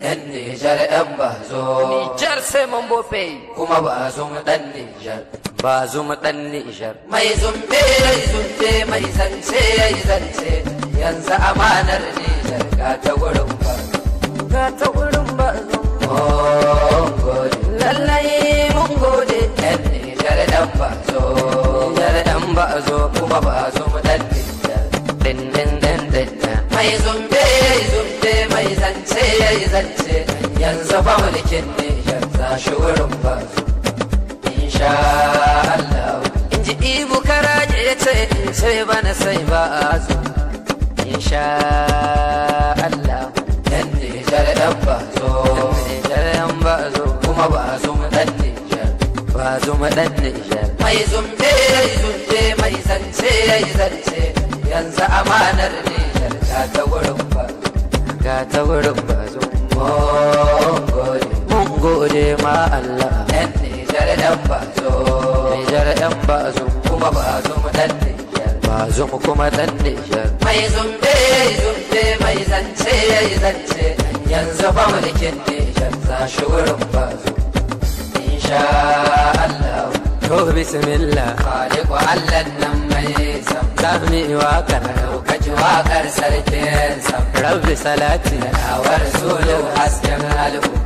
'yan Nijar 'yan bazo. Nijar sai mun bofe. Kuma ba zum ɗan Nijar. Ba zum ɗan Nijar. Mai zumbe yai zumbe mai zance yai zance yanzu amanar Nijar ga ta gurin ba. Ga ta gurin ba Mun gode. Lallai mun gode. 'yan Nijar 'yan bazo. Nijar 'yan bazo kuma ba zum ɗan Nijar. Din din din din. Mai zumbe. zance yanzu ba mulkin ne yanzu shi wurin ba insha Allah in ji ibu karaje ya ce sai bana sai ba a zo insha Allah dan Nijar dan ba zo Nijar dan ba zo kuma ba zo mu dan Nijar ba zo mu dan Nijar mai zumbe zumbe mai zance zance yanzu amanar ne ga ta wurin ba ga ta wurin ba Allah ɗan Nijar ɗan bazo Nijar ɗan bazo kuma bazo mu ɗan Nijar bazo mu kuma ɗan Nijar mai zumbe zumbe mai zance zance yanzu ba mulkin Nijar za shugurin wurin bazo insha Allah to bismillah khaliqu Allah nan mai sam zami wakar kaji wakar sarkin sam rabbi salati da awar sulu hasken al'umma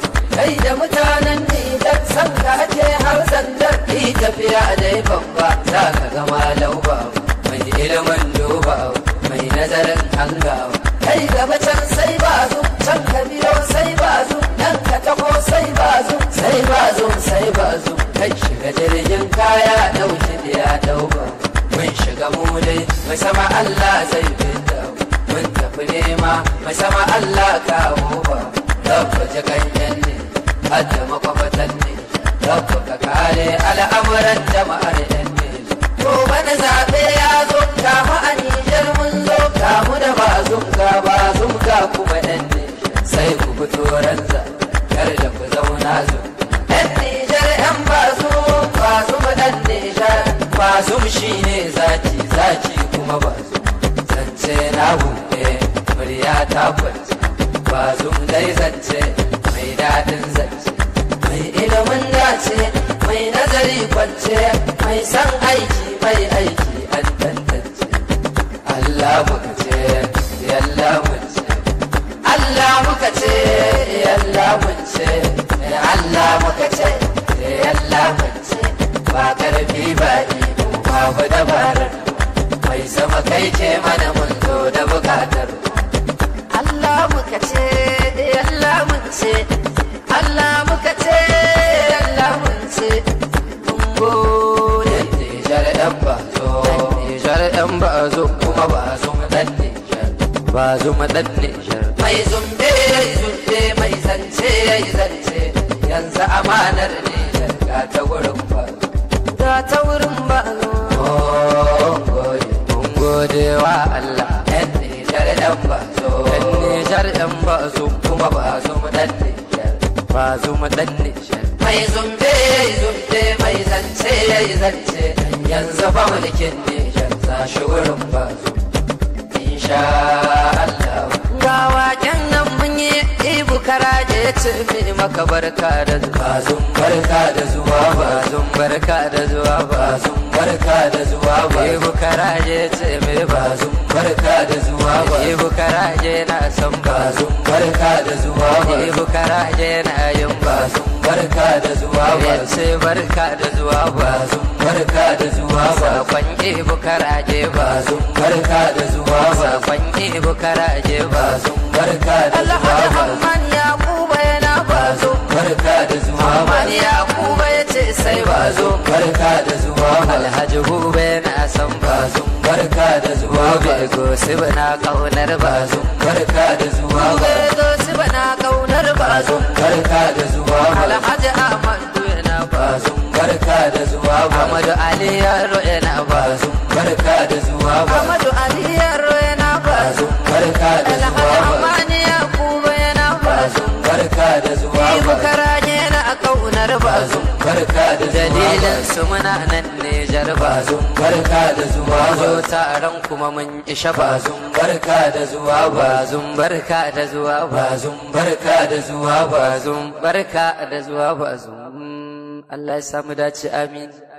san ka ce hausan dafi tafiya dai babba za ka gama lauba babu mai ilimin dubawa mai nazarin hangawa kai gaba can sai bazu can ka biyo sai bazu nan ka taho sai bazu sai bazu sai bazu kai shiga jirgin kaya dauki ya dauka mun shiga mu dai mai sama Allah zai fita mun tafi nema mai sama Allah kawo ba dabba jikan ne hadda makwabatan ne don ka kare al'amuran jama'ar yan Nijar. To wani zaɓe ya zo ta a Nijar mun zo kamu da ba zunga ba zunga kuma ɗan Nijar. Sai ku fito ranza kar da ku zauna zo. ɗan Nijar yan ba su ba su mu ɗan Nijar ba su shi ne zaki zaki kuma ba su. Zance na buɗe murya ta kwanci ba zum dai zance mai daɗin zance. san aiki mai aiki an tantance Allah muka ce yalla mun ce Allah muka ce yalla mun ce Allah muka ce yalla mun ce ba karfi ba iko ba dabarar mai sama kai ce mana mun zo da bukatar mu dan ba zo kuma ba zo dan Nijar ba zo dan Nijar mai zumbe zumbe mai zance yayi zance yanzu amanar ne ga ta wurin ba ga ta wurin ba oh gode wa Allah dan Nijar dan ba zo dan Nijar dan ba zo kuma ba zo dan Nijar ba zo dan Nijar mai zumbe zumbe mai zance yayi zance yanzu fa mulkin Nijar sa wurin ba insha Allah ce mi maka barka da zuwa zun barka da zuwa ba zun barka da zuwa ba zun barka da zuwa ba bazum bukara je ce mi zun barka da zuwa ba bazum bukara je na san zun barka da zuwa ba bazum bukara je na yin zun barka da zuwa bazum ce barka da zuwa ba zun barka da zuwa bazum sakon bukara ba zun barka da zuwa bazum sakon bukara ba zun barka da zuwa ba bazum gargo su bana kaunar bazu karka da zuwa go go su bana kaunar bazu karka da zuwa alhaji ahmadu yana bazu karka da zuwa amadu ali yaro yana bazu karka da zuwa amadu ali yaro yana bazu karka da zuwa alhaji amani yakuba yana bazu karka da zuwa barka da dalilin su muna nan ne Zun barka da zuwa zo taron kuma mun isha bazun barka da zuwa bazun barka da zuwa bazun barka da zuwa bazun barka da zuwa bazun Allah ya samu dace amin